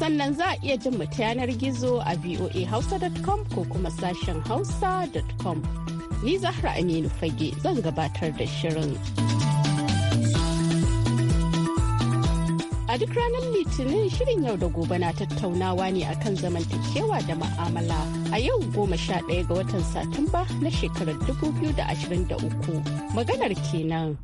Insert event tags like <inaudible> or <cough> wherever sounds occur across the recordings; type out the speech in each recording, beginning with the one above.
sannan za a iya jin mu yanar gizo a voahausa.com ko kuma sashen hausa.com. Ni Zahra Aminu Fage zan gabatar da shirin. A duk ranar Litinin shirin yau da gobe na tattaunawa ne akan zamantakewa da ma'amala a yau goma sha ɗaya ga watan Satumba na shekarar 2023. Maganar kenan.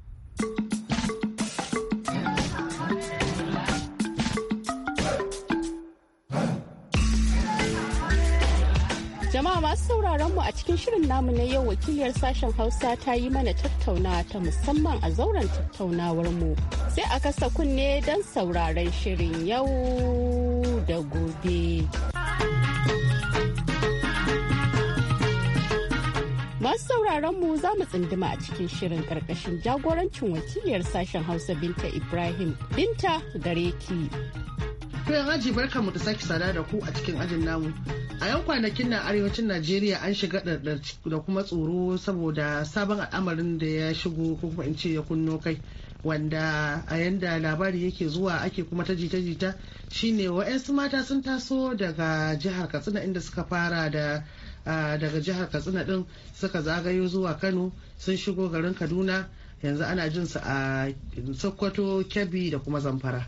Masu sauraron mu a cikin shirin namu na yau wakiliyar sashen Hausa ta yi mana tattaunawa ta musamman a zauren tattaunawar mu. Sai a kasa kunne don sauraron shirin yau da gobe. Masu sauraron mu za mu tsinduma a cikin shirin karkashin jagorancin wakiliyar sashen Hausa Binta Ibrahim. Binta gareki. ki. Kuyan aji barka mu ta sake sada da ku a cikin ajin namu. a yan kwanakin na arewacin najeriya an shiga ɗarɗar da kuma tsoro saboda sabon al'amarin da ya shigo ko kuma in ce ya kunno kai wanda a yanda labari yake zuwa ake kuma ta jita-jita shine wa'yansu mata sun taso daga jihar katsina inda suka fara da daga jihar katsina din suka zagayo zuwa kano sun shigo garin kaduna yanzu ana jin su a sokoto kebbi da kuma zamfara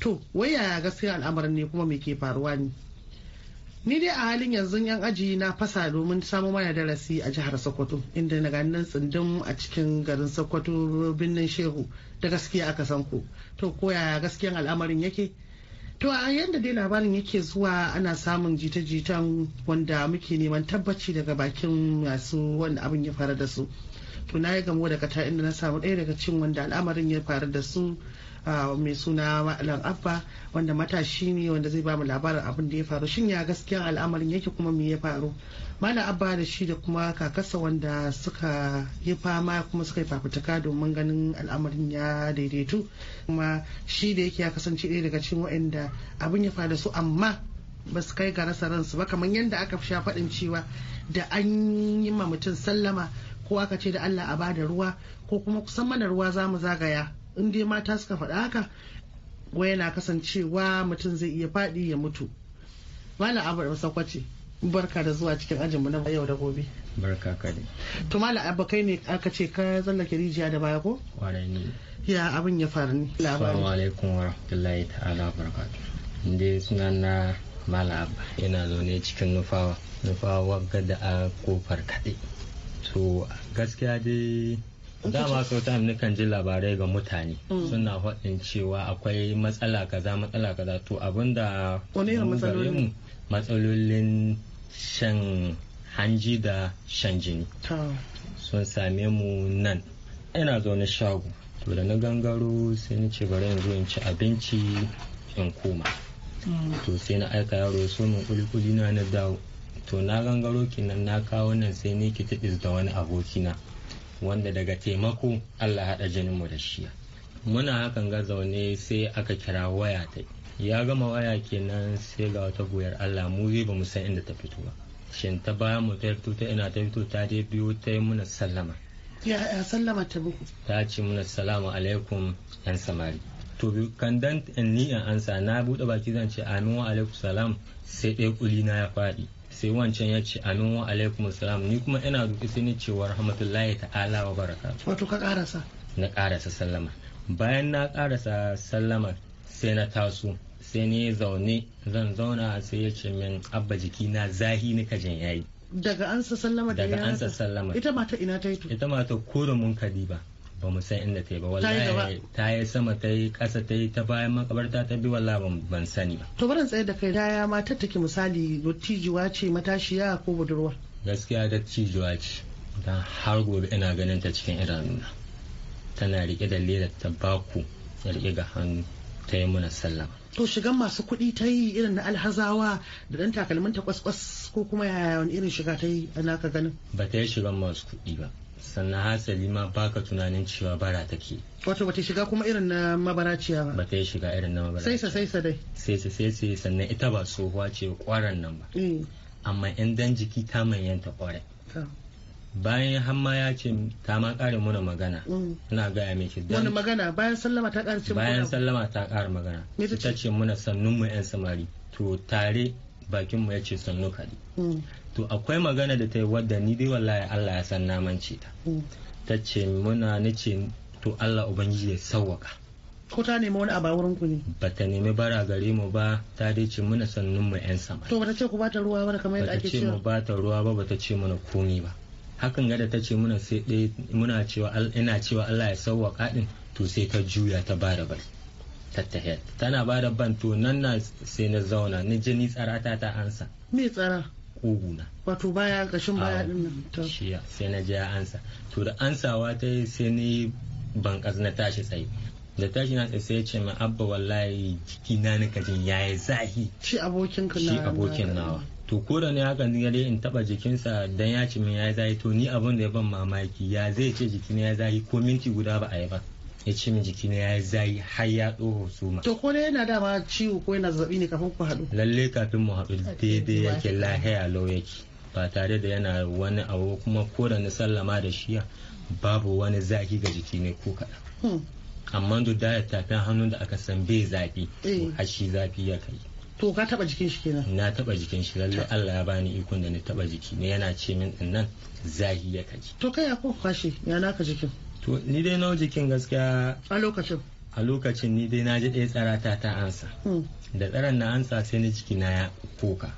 to waya gaskiya al'amarin ne kuma me ke faruwa ne ni dai a halin yanzu yan aji na fasa domin samu mana darasi a jihar sokoto inda na gani nan tsindin a cikin garin sokoto birnin shehu da gaskiya aka san ku to koya gaskiyan al'amarin yake to a yadda dai labarin yake zuwa ana samun jita-jitan wanda muke neman tabbaci daga bakin masu wanda abin ya fara da su to na yi gamo da kata inda na samu ɗaya daga cin wanda al'amarin ya faru da su mai suna ma'alan abba wanda matashi ne wanda zai ba mu labarin abin da ya faru shin ya gaskiya al'amarin yake kuma mu ya faru malam abba da shi da kuma kakasa wanda suka yi fama kuma suka yi fafutuka domin ganin al'amarin ya daidaitu kuma shi da yake ya kasance ɗaya daga cikin waɗanda abin ya faru da su amma ba su kai ga rasa ransu ba kamar yadda aka sha faɗin cewa da an yi ma mutum sallama ko aka ce da Allah a bada ruwa ko kuma kusan mana ruwa za mu zagaya in dai mata suka faɗa haka wa yana kasancewa mutum zai iya faɗi ya mutu malam abu da sakwace barka da zuwa cikin ajinmu na yau da gobe barka ka ne to malam abu kai ne aka ce ka tsallake rijiya da baya ko ne ya abin ya faru ne assalamu alaikum wa rahmatullahi ta'ala barakatuh dai suna na malam abu yana zaune cikin nufawa nufawa da a kofar kaɗe to gaskiya dai dama sau kan ji labarai ga mutane mm. suna faɗin cewa akwai matsala kaza matsala kaza to abinda mu matsalolin shan hanji da shan jini sun same mu nan ina zaune shago to da na gangaro sai ni ce bari yanzu in ci abinci in koma mm. to sai na aika yaro so min kuli na na dawo to na gangaro kinan na kawo nan sai ne ki tafi da wani abokina wanda daga taimako allah haɗa jinin mu da shi muna hakan ga zaune sai aka kira waya ta ya gama waya kenan sai ga wata goyar allah mu zai ba mu san inda ta fito ba shin ta baya mu ta fito ta ina ta fito ta dai biyo ta yi muna sallama ya sallama ta buku ta ce muna salamu alaikum yan samari to bi kan dan ni an ansa na bude baki zan ce amin wa alaikum salam sai dai kuli na ya faɗi sai wancan ya ce amin wa alaikum salam ni kuma ina roƙi sai ni cewa rahmatullahi ta'ala wa baraka wato ka karasa na karasa sallama bayan na karasa sallama sai na taso sai ne zaune zan zauna sai ya ce min abba jiki na zahi ni kajin yayi daga ansa sallama daga ansa sallama ita mata ina ta ita mata mun kadiba ba mu san inda ta yi ba wallahi ta yi sama ta yi ƙasa ta yi ta bayan makabarta ta bi wallahi ban sani ba to barin tsaye da kai yaya matar take misali dottijuwa ce matashiya ko budurwa gaskiya dattijuwa ce don har gobe ina ganin ta cikin idanuna tana rike da ledar baku ya rike ga hannu ta yi muna sallama to shigan masu kuɗi ta yi irin na alhazawa da ɗan takalmin ta kwaskwas ko kuma yaya wani irin shiga ta yi ana ka ganin ba ta yi shigan masu kuɗi ba sannan hasali ma baka tunanin cewa bara take wato bata shiga kuma irin na mabaraciya ba bata shiga irin na mabaraciya saisa saisa dai saisa saisa sannan ita ba tsohuwa ce kwaran nan ba mm. amma in dan jiki ta manyanta kwarai bayan hamma ya ce ta ma kare muna magana mm. ina gaya miki wani magana bayan sallama ta kare ce bayan sallama ta kare magana ita ce muna sannun mu yan samari to tare bakin mu ya ce sannu kadi mm. to akwai magana da ta yi wadda ni dai wallahi Allah ya san naman ce ta ta ce muna ce to Allah ubangiji ya sauwaka. ko ta nemi wani abawar ku ne ba ta nemi bara gare mu ba ta dai ce muna sannun mu yan sama to bata ce ku bata ruwa ba kamar yadda ake cewa bata ce mu bata ruwa ba bata ce muna komi ba hakan gada ta ce muna sai dai muna cewa ina cewa Allah ya sauwaka din to sai ta juya ta bara ba tattahe tana da ban to nan na sai na zauna ni jini tsara ta ta ansa me tsara koguna wato baya kashin baya din ah, nan shiya sai na ji ansa to da ansawa ta yi sai ni ban na tashi tsaye da tashi na tsaye ya ce ma abba wallahi jiki na nika jin yayi zahi shi abokin ka shi abokin nawa to ko da ne haka ne dai in taba jikinsa dan ya ce min yayi zahi to ni abin da ya ban mamaki ya zai ce jiki ne ya zahi ko minti guda ba a yi ba ya ce min jikina ya zai har ya tsoho ma. To kone yana dama ciwo ko yana zazzabi ne kafin ku haɗu? Lalle kafin mu haɗu daidai yake lahiya lau yake ba tare da yana wani abu kuma ko da na sallama da shiya babu wani zaki ga jiki ne ko kaɗan. Hmm. Amma duk da tafi hannun da aka san bai zafi eh. har shi zafi ya kai. To ka taɓa jikin shi kenan? Na taɓa jikin shi lalle Allah ya bani ikon da na taɓa jiki ne yana ce min nan zahi ya kai. To kai ya ko kwashe ya naka jikin? to ni dai nawa jikin gaskiya a lokacin a lokacin ni dai na ji ɗaya tsara ta ansa hmm. da tsaran na ansa sai ni ciki na ya koka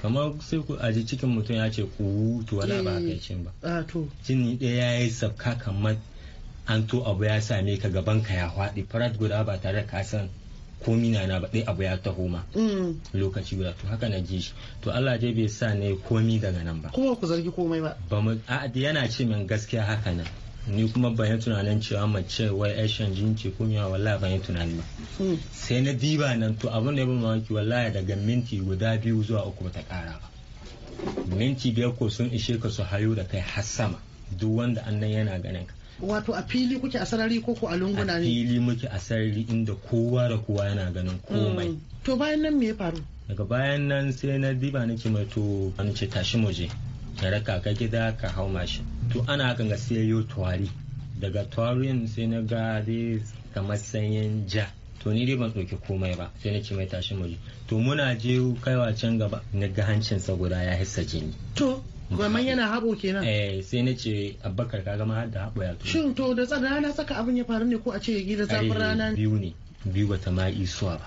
kamar sai ku aji cikin mutum ya ce ku to wala ba kai cin ba eh, jini ɗaya ya yi sabka kamar an to abu ya same ka gaban ka ya faɗi farat guda ba tare ka san komi na na ɗaya abu ya taho ma hmm. lokaci guda to haka na ji shi to Allah dai bai sa ne komi daga nan ba kuma ku zargi komai ba ba mu yana ce min gaskiya haka nan ni kuma ban yi tunanin cewa mace wai ashen jinci ko miya wallahi ban yi tunani ba hmm. sai na diba nan to abin da ya mamaki wallahi daga minti guda biyu zuwa uku ta kara ba minti biyar ko sun ishe ka su hayo da kai har sama duk wanda annan yana ganin ka wato a fili kuke a sarari ko ko a lunguna ne a fili muke a sarari inda kowa da kowa yana ganin komai hmm. to bayan nan me ya faru daga bayan nan sai na diba nake mai to An ce tashi muje. ka raka ka gida ka hau mashin to ana kan ga sai yo tuwari daga tuwarin sai na ga dai kamar sanyin ja to ni dai ban ɗauki komai ba sai na ce mai tashin mu to muna je kaiwa can gaba na ga hancin saboda guda ya hissa jini to Maman yana haɓo kenan. Eh sai na ce abbakar ka gama da haɓo ya to. Shin to da rana saka abin ya faru ne ko a ce gida zafin rana. Biyu ne biyu bata ma isuwa ba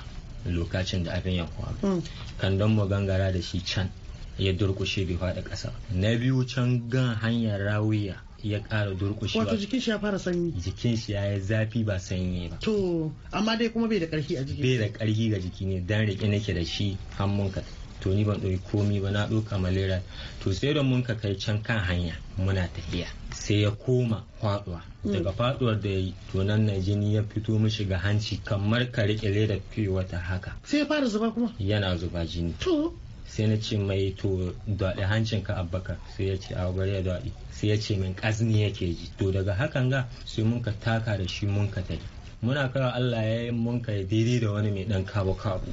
lokacin da abin ya faru. Mm. Kan don mu gangara da shi can ya durkushe bai faɗi ƙasa na biyu can gan hanyar rawiya ya ƙara durkushewa wato jikin shi ya fara sanyi jikin shi ya yi zafi ba sanyi ba to amma dai kuma bai da ƙarfi a jiki bai da ƙarfi ga jiki ne dan rike nake da shi hannun ka to ni ban ɗauki komi ba na ɗauka malera to sai da mun ka kai can kan hanya muna tafiya sai ya koma faduwa mm. daga faduwar da yi to nan na jini ya fito mishi ga hanci kamar ka rike leda fiye wata haka sai ya fara zuba kuma yana zuba jini to sai na ce mai to daɗe hancin ka abbaka sai ya ce a bari ya daɗe sai ya ce min ƙazni yake ji to daga hakan ga sai mun ka taka da shi mun ka tafi muna kawo Allah ya yi mun ka daidai da wani mai ɗan kabo kabo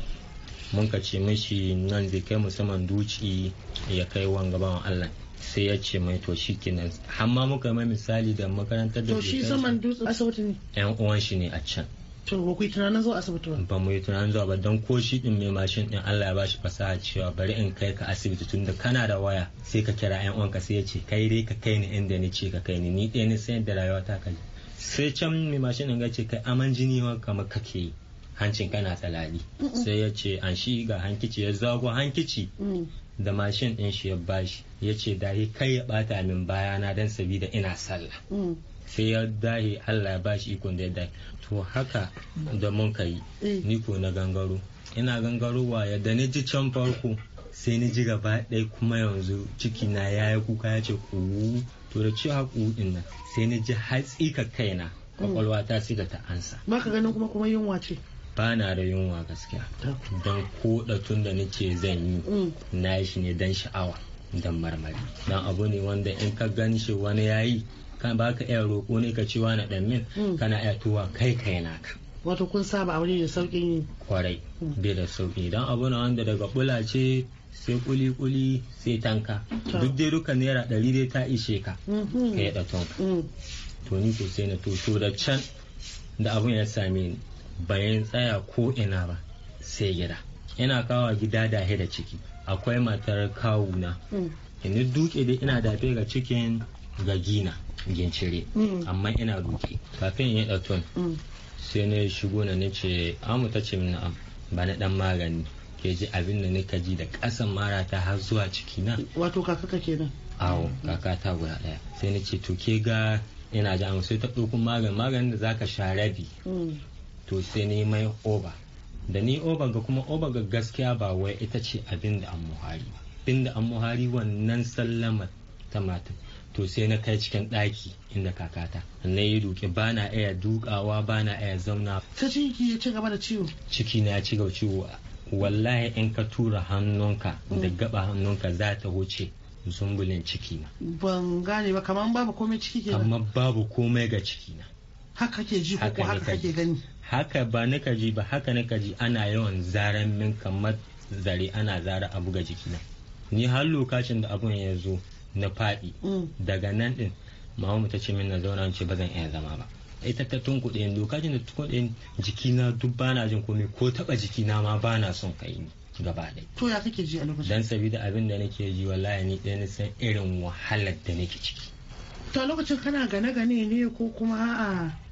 mun ka ce mishi nan zai kai musamman duci ya kai wanga bawan Allah sai ya ce mai to shi kenan amma muka mai misali da makarantar da shi saman dutsen ne yan uwan shi ne a can to ba tunanin zuwa asibiti ba ba mu yi tunanin zuwa ba don ko shi din mai mashin din Allah ya bashi fasaha cewa bari in kai ka asibiti tun tunda kana da waya sai ka kira yan uwanka sai ya ce kai dai ka kai ni inda ni ce ka kai ni ni ɗaya ni sai da rayuwa ta kai sai can mai mashin din ga ce kai aman jini kamar kake yi hancin kana tsalali sai ya ce an shi ga hankici ya zago hankici mm. da mashin din shi ya bashi ya ce da kai ya bata min bayana dan sabida ina sallah mm. sai ya dahe Allah ya bashi ikon da ya dahe to haka da mun ka yi eh. ni ko na gangaro ina gangaro wa ya da ni ji can farko sai ni ji gaba ɗaya kuma yanzu ciki na ya yi kuka ya ce ku to da cewa ku din nan sai ni ji hatsi ka kaina mm. kwakwalwa ta siga ta ansa ba ka ganin kuma kuma yunwa ce ba na da yunwa gaskiya don ko da tun da nake zan yi mm. na shi ne don sha'awa don marmari don abu ne wanda in ka gan shi wani yayi ka ba ka iya roƙo ne ka ci wani ɗan min mm. kana iya tuwa kai kai naka wato kun saba aure da sauƙin kwarai mm. bai da sauƙi dan abu na wanda daga bula ce sai ƙuli ƙuli sai tanka duk dai duka naira ɗari dai ta ishe ka mm-hmm. ka yi ɗatonka mm. to ni to sai na to da can da abun ya same ni bayan tsaya ko ina ba sai gida ina kawo gida da da ciki akwai matar kawuna ina duke da ina dafe ga cikin gagina yin mm. amma ina roƙi kafin in ɗaton mm. sai na shigo na ni ce amu ta ce min ba na ɗan magani ke ji abin da nika ji da ƙasan mara ta har zuwa ciki na wato kakaka kenan awo kaka ta guda ɗaya sai na ce to ke ga ina ji amu sai ta ɗaukun magani maganin da zaka sha rabi mm. to sai ni mai oba da ni oba ga kuma oba ga gaskiya ba wai ita ce abin da an muhari abin da an muhari wannan sallama ta mata to sai na kai cikin ɗaki inda kakata na yi duke ba na iya dukawa ba na iya zauna ta ciki ya ci gaba da ciwo ciki na ci gaba ciwo wallahi in ka tura hannunka mm. da gaba hannunka za ta wuce zumbulin ciki na ban gane ba kamar babu komai ciki ke kamar babu komai ga ciki na haka ke ji ko haka kake gani haka ba nika ji ba haka nika ji ana yawan zaren min kamar zare ana zara abu ga jiki na. ni har lokacin da abun ya zo na faɗi mm. daga nan ɗin mamu ta ce min na zauna ce ba zan iya zama ba ita ta tunkuɗe ni lokacin da jiki jikina duk bana jin komai ko taɓa na ma bana son kai ni gaba ɗaya. To ya kake ji a lokacin? Dan sabida abin da nake ji wallahi ni ɗaya na san irin wahalar da nake ciki. To a lokacin kana gane gane ne ko kuma a'a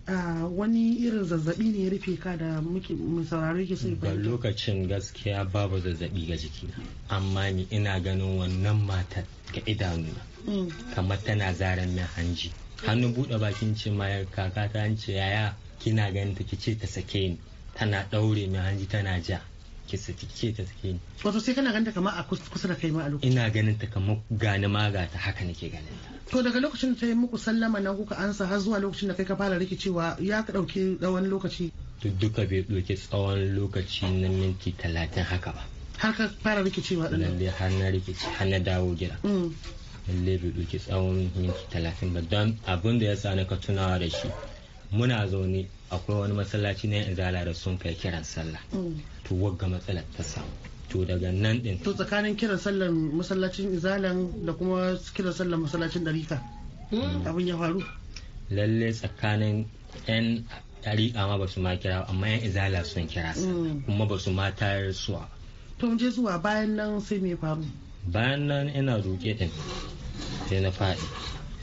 wani irin zazzabi ne ya rufe ka da muke sauraro ke sai ba lokacin gaskiya babu zazzabi ga jiki amma ni ina ganin wannan matar ga idanu mm. kamar tana zaren min hanji hannu buɗe bakin ce ma kaka ta hanci yaya kina ganin ta kice ta sake ni tana ɗaure min hanji tana ja ki sitice ta take ni wato sai kana ganta kamar a kusa da kai ma a lokacin ina ganin ta kamar gani ma ga ta haka nake ganin ta to daga lokacin da ta yi muku sallama nan kuka ansa har zuwa lokacin da kai ka fara rikicewa ya ka dauke tsawon lokaci to duka bai dauke tsawon lokaci na minti talatin haka ba har ka fara rikicewa din lalle har na rikici har na dawo gida mm. lalle bai dauke tsawon minti talatin ba don abin da ya sa na ka tunawa da shi muna zaune akwai wani masallaci na izala da sun kai kiran sallah mm. to wagga matsalar ta samu to daga nan din to tsakanin kiran sallar masallacin izalan da kuma kiran sallar masallacin dariƙa mm. abin ya faru lalle tsakanin yan dariƙa ma ba su ma kira amma yan izala sun kira mm. kuma ba su ma tayar suwa to je zuwa bayan nan sai me faru bayan nan ina roƙe din sai na faɗi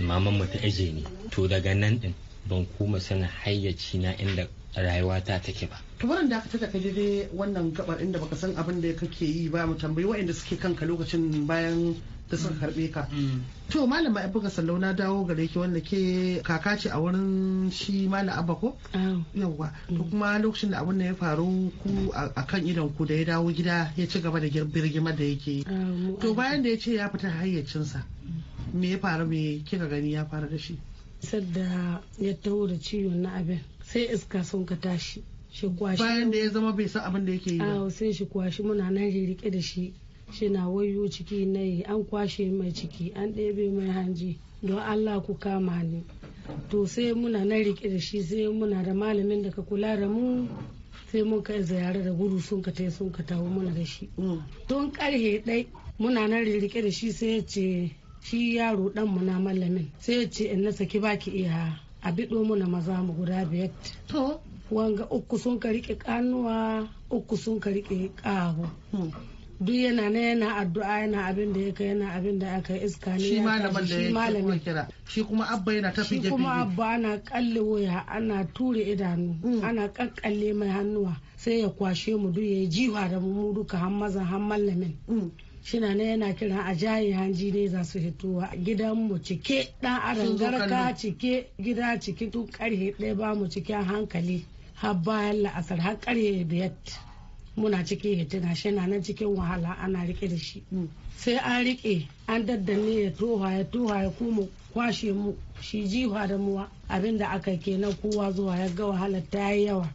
maman mu ta aje ni to daga nan din ban kuma sanin hayyaci na inda rayuwata take ba. to barin da aka kai dai wannan gabar inda baka san abin da kake yi ba mu tambayi waɗanda suke kanka lokacin bayan da suka karɓe ka. Mm. To malam buga sallau na dawo gare ki wanda ke kaka ce a wurin shi malam abba ko? Oh. Yawwa. To mm. kuma lokacin da abin da ya faru ku a kan idon ku da ya dawo gida ya ci gaba da girgimar da yake. Oh, to bayan da ya ce ya fita hayyacinsa. Mm. Me ya faru me kika gani ya faru da shi? sadda ya taho da ciwon na abin sai iska sun ka tashi shi kwashi bayan da ya zama bai san abin da yake yi ba sai shi kwashi muna nan rike da shi shi na wayo ciki na yi an kwashe mai ciki an ɗebe mai hanji don allah ku kama ni to sai muna nan rike da shi sai muna da malamin da ka kula da mu sai mun kai ziyara da gudu sun ka tai sun ka taho muna da shi don mm. karhe ɗai muna nan rike da shi sai ya ce shi yaro dan mu na mallamin sai ya ce in na saki baki iya a biɗo mu na maza mu guda biyar to wanga uku sun ka rike kanuwa uku sun ka rike kaho hmm. duk yana na yana addu'a yana abin da ya kai yana abin da aka iska ne shi malamin da ya kira shi kuma abba yana tafi gefe shi kuma abba ana kalle waya ana ture idanu hmm. ana kakkalle mai hannuwa sai ya kwashe mu duk ya jiwa da mu duka har mazan har mallamin hmm. shina ne yana kira a jayi hanji ne za su hitowa gidanmu cike dan aron garka cike gida cike tun karhe ɗaya ba mu cikin hankali har bayan la'asar har karhe biyar muna cikin hituna shina na nan cikin wahala ana rike da shi mm. sai an rike an daddane ya toha ya toha ya kuma kwashe mu shi jiwa da muwa abinda aka kenan kowa zuwa ya ga wahalar ta yi yawa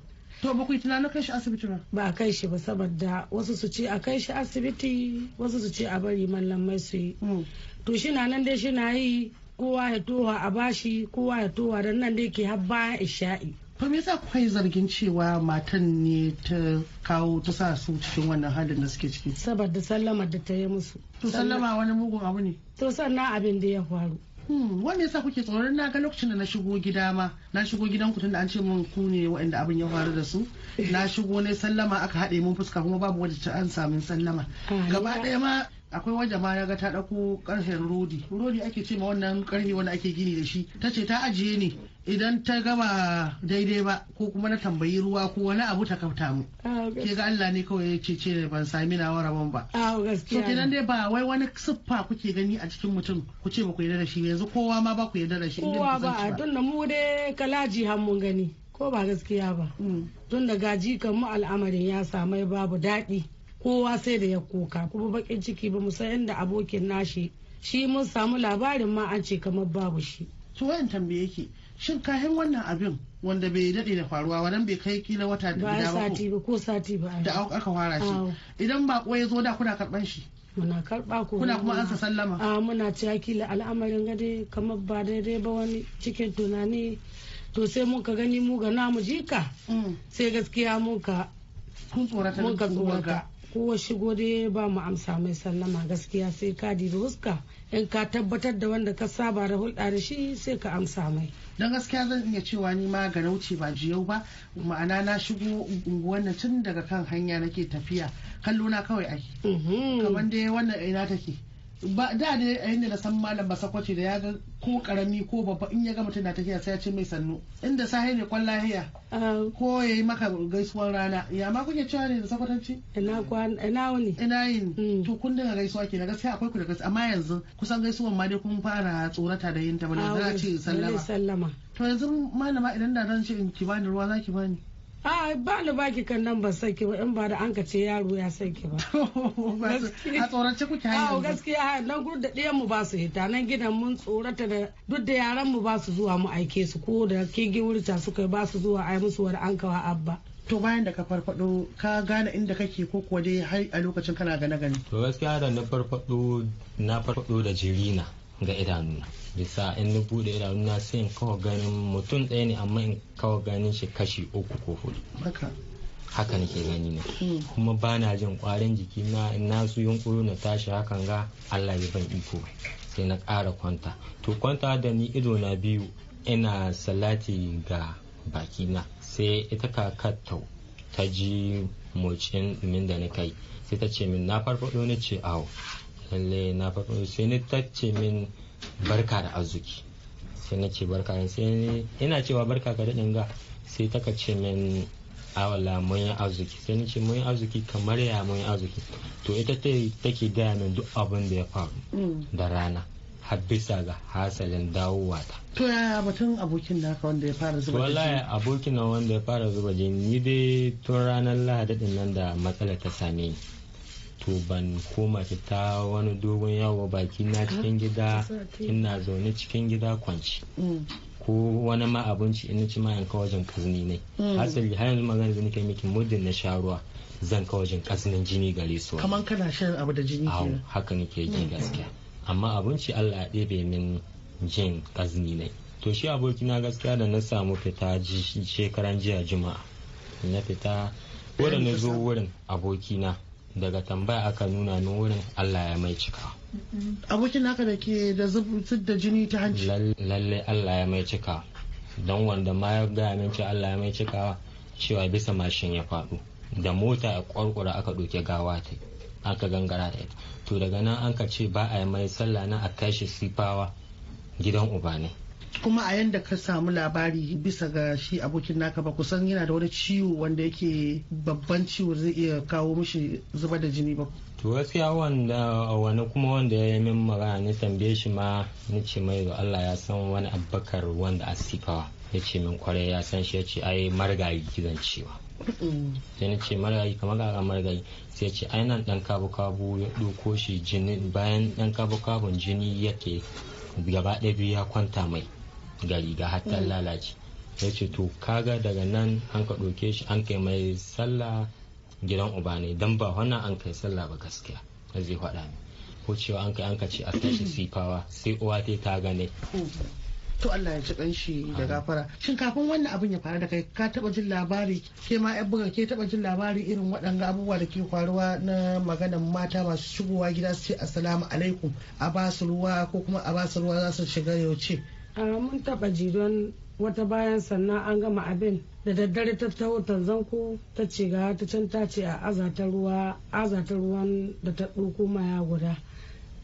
to ba ku yi tunanin kai shi asibiti ba ba a kai shi ba saboda wasu su ce a kai shi asibiti wasu su ce a bari mai su yi mm. to shi na nan dai shi na yi kowa ya towa a bashi kowa ya towa don nan dai ke har bayan isha'i to me yasa kuka yi zargin cewa matan ne ta kawo ta sa su cikin wannan halin da suke ciki saboda sallamar da ta yi musu to sallama wani mugun abu ne to sannan abin da ya faru Hmm, wanda yasa kuke tsoron na ga lokacin da na shigo gida ma na shigo gidan ku tunda an ce mun ku ne waɗanda abin ya faru da su na shigo ne sallama aka haɗe mun fuska kuma babu ta an samu sallama ah, gaba ɗaya ma akwai wajen ma ya ga ta ɗauko ƙarfen rodi rodi ake ce ma wannan ƙarfe wanda ake gini da shi ta ce ta ajiye ne idan ta gaba daidai ba ko kuma na tambayi ruwa ko wani abu ta kafta mu ah, ke ga Allah ne kawai ya cece ban sami na rabon ba ah, so kenan dai ba wai wani siffa kuke gani a cikin mutum ku ce ba ku yarda da shi yanzu kowa ma ba ku yarda da shi kowa ba tunda mu dai kalaji har mun gani ko ba gaskiya ba hmm. tunda gaji kan mu al'amarin ya samai babu daɗi kowa sai da ya koka kuma bakin ciki ba mu san inda abokin nashi shi mun samu labarin ma an ce kamar babu shi to wayan tambaye yake shin kayan wannan abin wanda bai daɗe da faruwa wadan bai kai kila wata da gida ba sati ba ko sati ba da aka fara shi idan ba ya zo da kuna karban shi muna karba ko kuna kuma an sa sallama a muna cewa kila al'amarin gade kamar ba daidai ba wani cikin tunani to sai mun ka gani mu ga namu jika mm. sai gaskiya mun ka mun ka tsorata kowa shigo dai ba mu amsa mai sallama gaskiya sai ka dibi huska in ka tabbatar da wanda ka saba da hulɗa da shi sai ka amsa mai don gaskiya zan iya cewa ni ma garauce ba jiyau ba ma'ana na shigo unguwan tun daga kan hanya nake tafiya kallo na kawai ake mhm. kamar dai wannan ina take ba da ne a yadda na san malam ba sakwace da ya ga ko karami ko babba in ya ga mutum na tafiya sai ya ce mai sannu inda sahi ne kwan lahiya ko ya yi maka gaisuwar rana ya ma kuke cewa ne da sakwatanci ina wani ina yin hmm. to kun dinga gaisuwa ke na gaskiya akwai ku da gaskiya amma yanzu kusan gaisuwan ma dai kun fara tsorata da yin ta ba da ah, za a ce sallama to yanzu malama idan da zan ce in ki bani ruwa za ki bani a ba ni baki kan nan ban ki ba in ba da an ka ce yaro ya ki ba <laughs> a tsorace kuke hanyar gaskiya nan gudu da ɗayan mu ba su hita nan gidan mun tsorata da duk da yaran mu ba su zuwa mu aike su ko da kege wurta suka ba su zuwa ai musu wani an kawa abba to bayan da ka farfado ka gane inda kake ko kuwa dai har a lokacin kana gane gani to gaskiya da na farfado na farfado da jirina ga idanuna bisa in na bude idanuna sai in kawo ganin mutum ɗaya ne amma in kawo ganin shi kashi uku ko hudu haka nake gani ne hmm. kuma ba na jin ƙwarin jiki na in na su yunkuru na tashi hakan ga allah ya ban iko sai na ƙara kwanta to kwanta da ni ido na biyu ina salati ga baki na sai ita kakar ta ji mocin min da na kai sai ta ce min na farfaɗo ni ce awo lalle na faɗo sai ni ce min barka da arziki sai na ce barka sai ina cewa barka ka daɗin ga sai ta ce min awala mun yi arziki sai ni ce mun yi arziki kamar ya mun yi arziki to ita ta take gaya min duk abin da ya faru mm. da rana har bisa ga hasalin dawowa ta. To ya batun abokin haka wanda ya fara zuba jini? Wallahi abokin wanda ya fara zuba jini ni dai tun ranar lahadi nan da matsala ta same ni. to ban koma fita wani dogon yawo baki na cikin gida ina zaune cikin gida kwanci mm. ko wani ma abinci ina ci ma in kazini wajen ne mm. asali har yanzu magana da nake miki muddin na sharuwa zan ka wajen jini gare su kamar kana shan abu da jini kenan haka nake yi mm. gaskiya amma abinci Allah ya ɗebe min jin kazini ne to shi abokina gaskiya da na samu fita shekaran jiya juma'a na fita wurin na zo wurin abokina daga tambaya aka nuna ni wurin Allah ya mai cika abokin haka da ke da zubutar da jini ta hanci lalle Allah ya mai cika don wanda ma ya gaya min ce Allah ya mai cika cewa bisa mashin ya faɗo da mota a kwarkwara aka ɗauke gawa ta aka gangara da ita to daga nan an ka ce ba a yi mai sallah na a shi sifawa gidan uba ne kuma a yanda ka samu labari bisa ga shi abokin naka ba kusan yana da wani ciwo wanda yake babban ciwo zai iya kawo mishi zuba da jini ba to gaskiya wanda wani kuma wanda ya yi min magana ne tambaye shi ma na ce mai Allah ya san wani abbakar wanda asifawa ya ce min kwarai ya san shi ya ce ai marigayi gidan cewa sai na ce marigayi kamar ga marigayi sai ce ai nan dan kabu kabu ya ɗauko shi jini bayan dan kabu kabun jini yake gaba ɗaya biyu ya kwanta mai gari ga riga mm. lalace ya ce to kaga daga nan an ka ɗauke shi an kai mai sallah gidan uba ne don ba wannan an kai sallah ba gaskiya zai faɗa ne ko cewa an kai an ka ce a tashi <coughs> sifawa sai uwa ta gane mm. to Allah ya ci kanshi da gafara shin kafin wannan abin ya faru da kai ka taba jin labari ke ma yan buga ke taba jin labari irin waɗanga abubuwa da ke faruwa na maganan mata masu shigowa gida su ce assalamu alaikum a ba su ruwa ko kuma a ba su ruwa za su shiga yauce mun taba ji don wata bayan sannan an gama abin da daddare ta taho tanzanku ta ce ga ta can ta ce a azata ruwa azata ruwan da ta ɗauko maya guda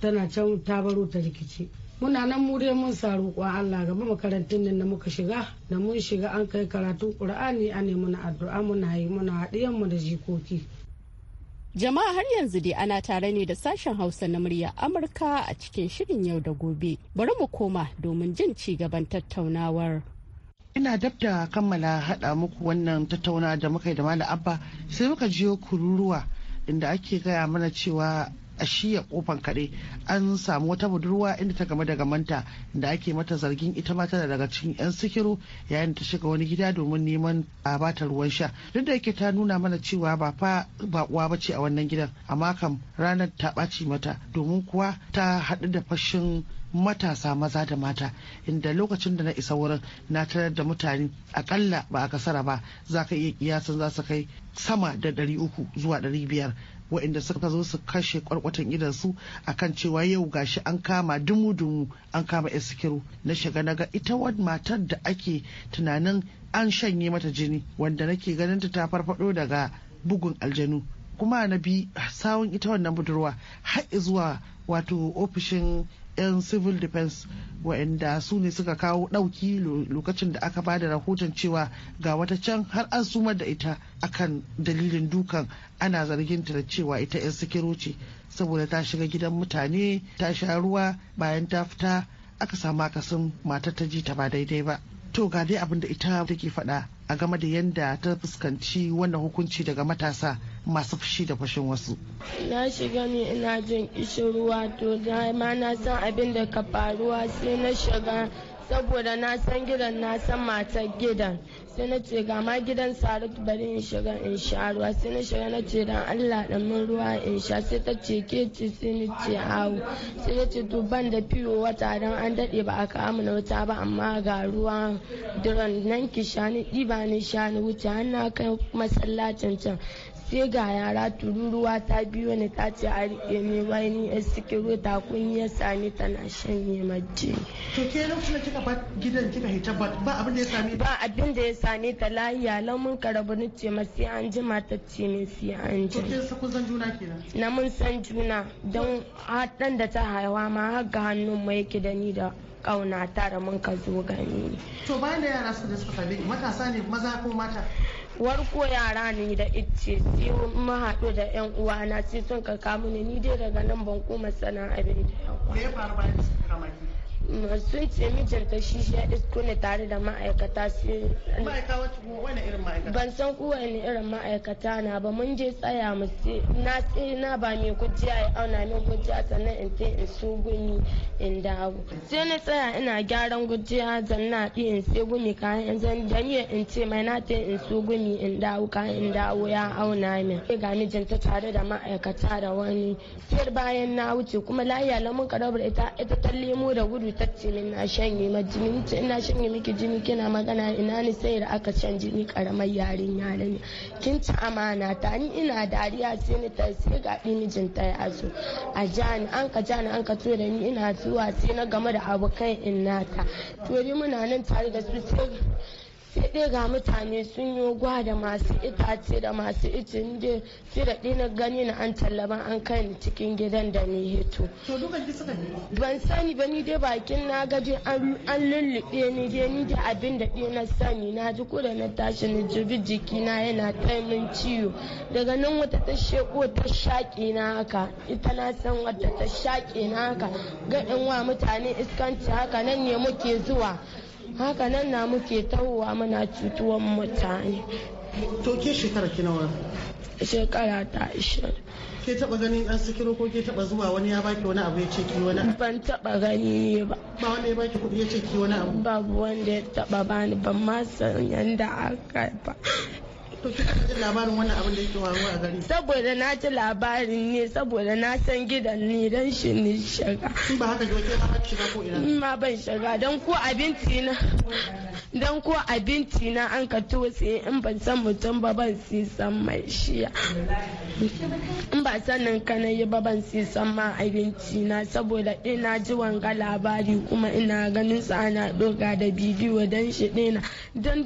tana can ta baro ta rikici muna nan mu mun sa kwa Allah gaba makarantun nan da muka shiga da mun shiga an kai karatun Qur'ani a ne muna addu'a muna yi muna haɗiyan mu da jikoki. Jama'a har yanzu dai ana tare ne da sashen Hausa na murya Amurka a cikin shirin yau da gobe. Bari mu koma domin jin ci gaban tattaunawar. ina dab da kammala hada muku wannan tattauna da muka yi da malam abba sai muka jiyo kururuwa inda ake gaya mana cewa a shiya kofan kaɗai an samu wata budurwa inda ta game daga manta da ake mata zargin ita mata da daga cikin 'yan sikiru yayin ta shiga wani gida domin neman a bata ruwan sha duk da yake ta nuna mana cewa ba fa ba uwa bace a wannan gidan amma kam ranar ta ɓaci mata domin kuwa ta haɗu da fashin matasa maza da mata inda lokacin da na isa wurin na tarar da mutane akalla ba a kasara ba za ka iya kiyasan za su kai sama da 300 zuwa 500 waɗanda suka zo su kashe kwarkwatan idan akan cewa yau gashi an kama dumu-dumu an kama iskiru na shiga naga ita wani matar da ake tunanin an shanye mata jini wanda nake ganin ta ta farfado daga bugun aljanu kuma na bi sawun ita wannan budurwa har zuwa wato ofishin 'yan civil defense wa'anda su ne suka kawo ɗauki lokacin da aka ba da rahoton cewa ga wata can har an sumar da ita akan dalilin dukan ana zargin ta da cewa ita 'yan sikiro ce saboda ta shiga gidan mutane ta sha ruwa bayan ta fita aka samu akasin matar ta ji ta ba daidai ba to ga dai abin da ita take faɗa a game da yadda ta fuskanci wannan hukunci daga matasa masu fushi da fashin wasu. Na shiga ne ina jin kishin ruwa to ma na san abin da ka faruwa sai na shiga saboda na san gidan na san matar gidan sai na ce ga ma gidan sarut bari in shiga in sha ruwa sai na shiga na ce dan Allah dan min ruwa in sha sai ta ce ke ce sai ni ce hawo sai ta ce to ban da fiyo wata dan an dade ba aka amana wuta ba amma ga ruwa duran nan ki sha ni diba ni sha ni wuce har na kai masallacin can sai ga yara tururuwa ta biyo ni ta ce a rike ni wai ni ya sikiro ta kun ya sami tana shanye majji. To ke lokacin kuma kika bar gidan kika hita ba ba abin da ya sami ba abin da ya sami ta lahiya lan mun karabu ni ce ma sai an ji mata ce ni sai an ji. To ke sa kun san juna kenan. Na mun san juna don haɗan da ta haihuwa ma har ga hannun mu yake da ni da kauna ta mun ka zo gani. To bayan da yara su da suka same matasa ne maza ko mata? warko yara ne da icce sai mun haɗu da yan uwana sai sun kaka mini ni dai daga nan ban koma sana'a da yawa. Me ya suka kama masu ce mijinta shi shi ya isko ne tare da ma'aikata sai ban san kowane irin ma'aikata na ba mun je tsaya mu na tsaye na ba mai kujiya ya auna min kujiya sannan in sai in su gumi in dawo sai na tsaya ina gyaran gujiya zan na ɗi in sai gumi kayan in zan danye in ce mai na ta in su gumi in dawo kayan in dawo ya auna min ga mijinta tare da ma'aikata da wani sai bayan na wuce kuma lahiya lamun karabar ita ita ta lemo da gudu min na shanye ma jini ce ina shanye miki jini kina magana ina ni sai da aka shan jini karamar yarin yare ne kin ci amana ta ni ina dariya sai ni ta sai ga mijin ta ya zo a jani an ka jani an ka tura ni ina zuwa sai na game da abokan ina to ni muna nan tare da su sai sai dai ga mutane sun yi gwa da masu itace da masu icin da sai da ɗina gani na an tallaban an kai ni cikin gidan da ni hito. Ban sani ba ni dai bakin na gaji an lullube ni dai ni da abin da na sani na ji ko da na tashi na jibi jiki na yana taimin ciwo daga nan wata ta sheko ta shaki na haka ita na san wata ta shaki na haka ga wa mutane iskanci haka nan ne muke zuwa haka nan na muke tawowa mana cutuwan mutane to ke shekara wa. shekara ta ishe. ke taba ganin dan sikiro ko ke taba zuwa wani ya baki wani abu ya ce ki wani abu ban taba gani ba ba wanda ya baki kudi ya ce ki wani abu babu wanda ya taba bani ban ma san yanda aka ba to ji labarin wannan abin da yake faruwa a gari saboda na ji labarin ne saboda na san gidan ni dan shi ne shiga ba haka ki ba shiga ko ina ma ban shiga dan ko abinci na dan ko abinci na an ka tose in ban san mutum ba ban si san mai shiya in ba sanin kanan yi ba ban si san ma abinci na saboda ina ji wanga labari kuma ina ganin sa ana doka da bidiyo dan shi dina dan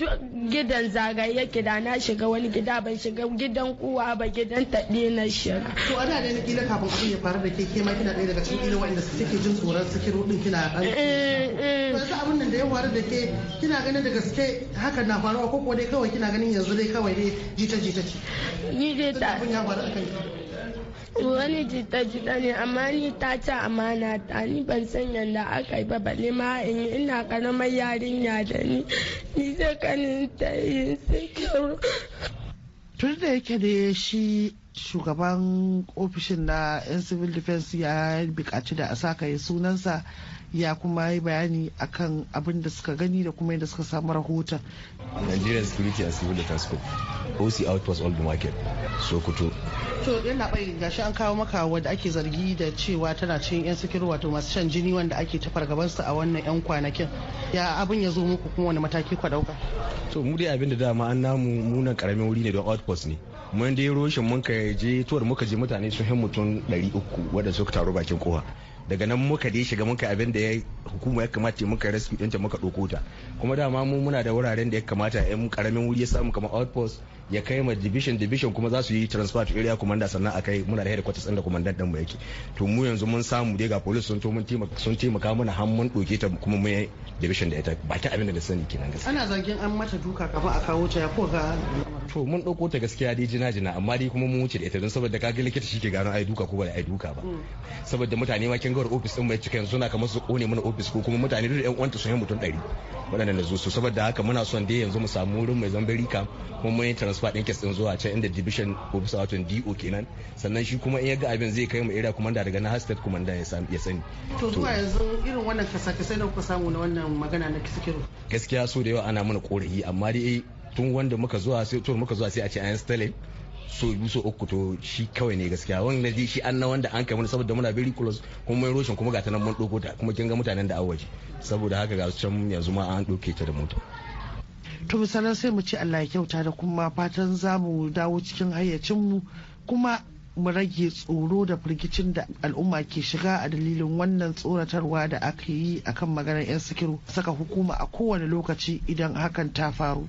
gidan zagaye yake da na shiga shiga wani gida ban shiga gidan uwa ba gidan taɗe na shiga. To ana da kila kafin abin ya faru da ke kema kina ɗaya daga cikin irin waɗanda suke jin tsoron suke rudin kina ɗan. Eh, eh. To yasa abin nan da ya faru da ke kina ganin da gaske haka na faruwa ko ko dai kawai kina ganin yanzu dai kawai dai jita jita ce. Ni dai ta. wani jita-jita ne amma ni ta ci amana ta ni ban san yadda aka yi ba balle ma in ina karamar yarinya da ni ni zai kanin ta yi sikiru. tun da yake da shi shugaban ofishin na yan civil defense ya bukaci da a sa sunansa ya kuma yi bayani akan abin da suka gani da kuma yadda suka samu rahoton. Nigerian Security and Civil Defense Corps OC Outpost the Market Sokoto. To yana bai gashi an kawo maka wadda ake zargi da cewa tana cin yan sikiru wato masu shan jini wanda ake ta fargabar su a wannan yan kwanakin. Ya abin ya zo muku kuma wani mataki ku dauka? To mu dai abin da dama an namu muna karamin wuri ne don outpost ne. Mun dai roshin mun kai je tuwar muka je mutane sun hin mutum 300 wadda suka taru bakin kowa. daga nan muka dai shiga muka abin da ya hukuma ya kamata muka rescue muka ɗauko ta kuma dama mu muna da wuraren da ya kamata yan karamin wuri ya samu kamar outpost ya kai ma division division kuma za su yi transfer to area commander sannan a kai muna da headquarters ɗin da commandant ɗin mu yake to mu yanzu mun samu dai ga police sun to mun taimaka sun taimaka mana har mun ɗauke ta kuma mun division da ita ba ta abin da na sani kenan gaskiya ana zargin an mata duka kafin a kawo ta ya ko ga to mun ɗauko ta gaskiya dai jina jina amma dai kuma mun wuce da ita don saboda kaga likita shi ke gano ai duka ko ba ai duka ba mm. saboda mutane ma kin ga office din mai cika yanzu suna kamar su kone mana office ko kuma mutane duk yan uwanta sun yi mutum 100 waɗannan na zo su saboda haka muna son dai yanzu mu samu wurin mai zambari kam kuma mun yi transfer ɗin kes ɗin zuwa can inda division officer wato DO kenan sannan shi kuma in ya ga abin zai kai mu area commander daga na state commander ya ya sani to zuwa yanzu irin wannan kasa kasa da kuka samu na wannan magana na kisikiro gaskiya so da yawa ana mana korafi amma dai tun wanda muka zuwa sai tun muka zuwa sai a ce an stalin so biyu so uku to shi kawai ne gaskiya wanda ji shi an na wanda an kai mana saboda muna very close kuma mai roshin kuma gata nan mun doko ta kuma kin ga mutanen da awaji saboda haka ga can yanzu ma an doke ta da mota to misalan sai mu ce Allah ya kyauta da kuma fatan za mu dawo cikin hayyacin mu kuma mu rage tsoro da firgicin da al'umma ke shiga a dalilin wannan tsoratarwa da aka yi akan maganar 'yan sikiru saka hukuma a kowane lokaci idan hakan ta faru.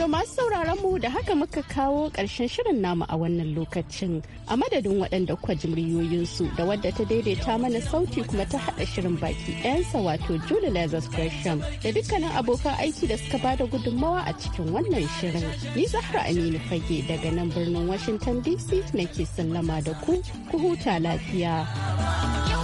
To masu sauraron mu da haka muka kawo ƙarshen shirin namu a wannan lokacin a madadin waɗanda kuka ji muryoyinsu da wadda ta daidaita mana sauti kuma ta haɗa shirin baki ɗayansa wato Julie Lazarus Gresham da dukkanin abokan aiki da suka bada gudunmawa a cikin wannan shirin. Ni Zahra Aminu Fage daga nan birnin Washington DC nake sallama da ku ku huta lafiya.